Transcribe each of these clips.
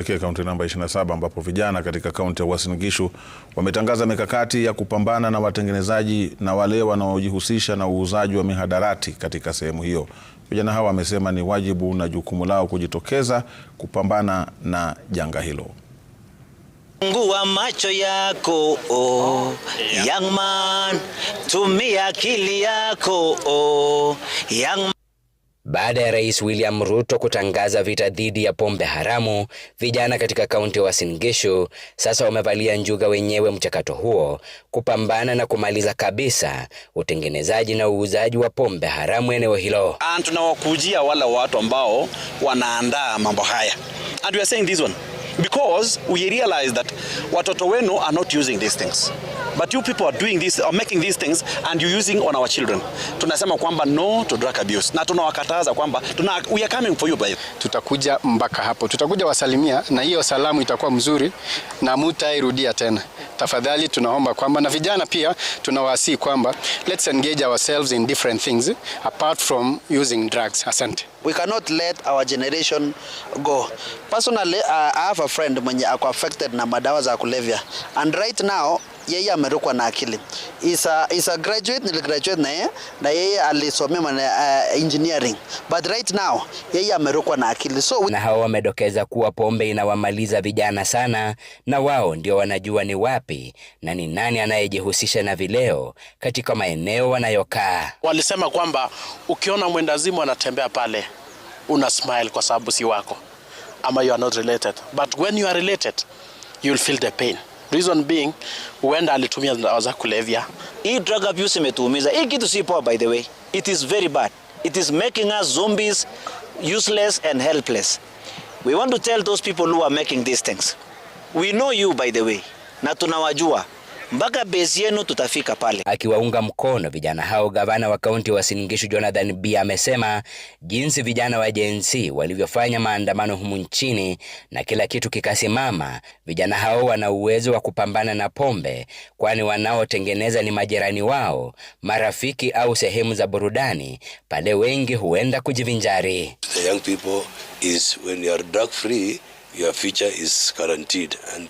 Elekea kaunti namba 27 ambapo vijana katika kaunti ya Uasin Gishu wametangaza mikakati ya kupambana na watengenezaji na wale wanaojihusisha na uuzaji wa mihadarati katika sehemu hiyo. Vijana hawa wamesema ni wajibu na jukumu lao kujitokeza kupambana na janga hilo. Fungua macho yako oh, young man, tumia akili yako oh, young man. Baada ya Rais William Ruto kutangaza vita dhidi ya pombe haramu, vijana katika kaunti ya Uasin Gishu sasa wamevalia njuga wenyewe mchakato huo kupambana na kumaliza kabisa utengenezaji na uuzaji wa pombe haramu eneo hilo. Tunawakujia wale watu ambao wanaandaa mambo haya. And we are saying this one because we realize that watoto wenu are not using these things but you people are doing this or making these things and you using on our children. Tunasema kwamba no to drug abuse na tunawakataza kwamba tuna, we are coming for you by. Tutakuja mpaka hapo, tutakuja wasalimia, na hiyo salamu itakuwa mzuri na mutairudia tena. Tafadhali tunaomba kwamba na vijana pia tunawasii kwamba let's engage ourselves in different things apart from using drugs. Asante. We cannot let our generation go. Personally, uh, I have a friend mwenye ako affected na madawa za kulevya. And right now, yeye amerukwa na akili. Is a is a graduate, niligraduate na yeye na yeye alisomea uh, engineering. But right now, yeye amerukwa na akili. So we... na hao wamedokeza kuwa pombe inawamaliza vijana sana na wao ndio wanajua ni wapi na ni nani anayejihusisha na vileo katika maeneo wanayokaa. Walisema kwamba ukiona mwendazimu anatembea pale una smile kwa sababu si wako ama you are not related but when you are related you'll feel the pain reason being huenda alitumia dawa za kulevya hii drug abuse imetuumiza hii kitu si poa by the way it is very bad it is making us zombies useless and helpless we want to tell those people who are making these things we know you by the way na tunawajua mpaka base yenu tutafika pale. Akiwaunga mkono vijana hao, gavana wa kaunti wa Singishu Jonathan B amesema jinsi vijana wa Gen Z walivyofanya maandamano humu nchini na kila kitu kikasimama, vijana hao wana uwezo wa kupambana na pombe, kwani wanaotengeneza ni majirani wao, marafiki au sehemu za burudani pale wengi huenda kujivinjari. The young people is when you are drug free, your future is guaranteed and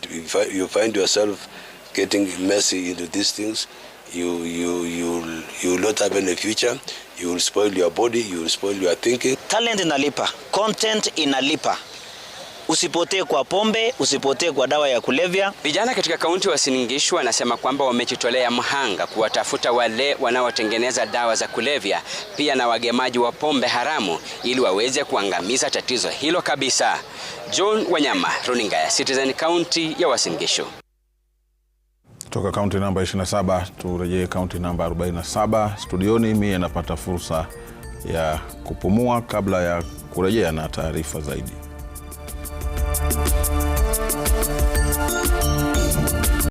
you find yourself getting messy into these things you you you you will not have any future you will spoil your body you will spoil your thinking talent inalipa content inalipa Usipotee kwa pombe, usipotee kwa dawa ya kulevya. Vijana katika kaunti wa wasiningishwa wanasema kwamba wamejitolea mhanga kuwatafuta wale wanaotengeneza dawa za kulevya pia na wagemaji wa pombe haramu ili waweze kuangamiza tatizo hilo kabisa. John Wanyama, runinga ya Citizen, kaunti ya Wasingishu. Kutoka kaunti namba 27 turejee kaunti namba 47 studioni. Mie napata fursa ya kupumua kabla ya kurejea na taarifa zaidi.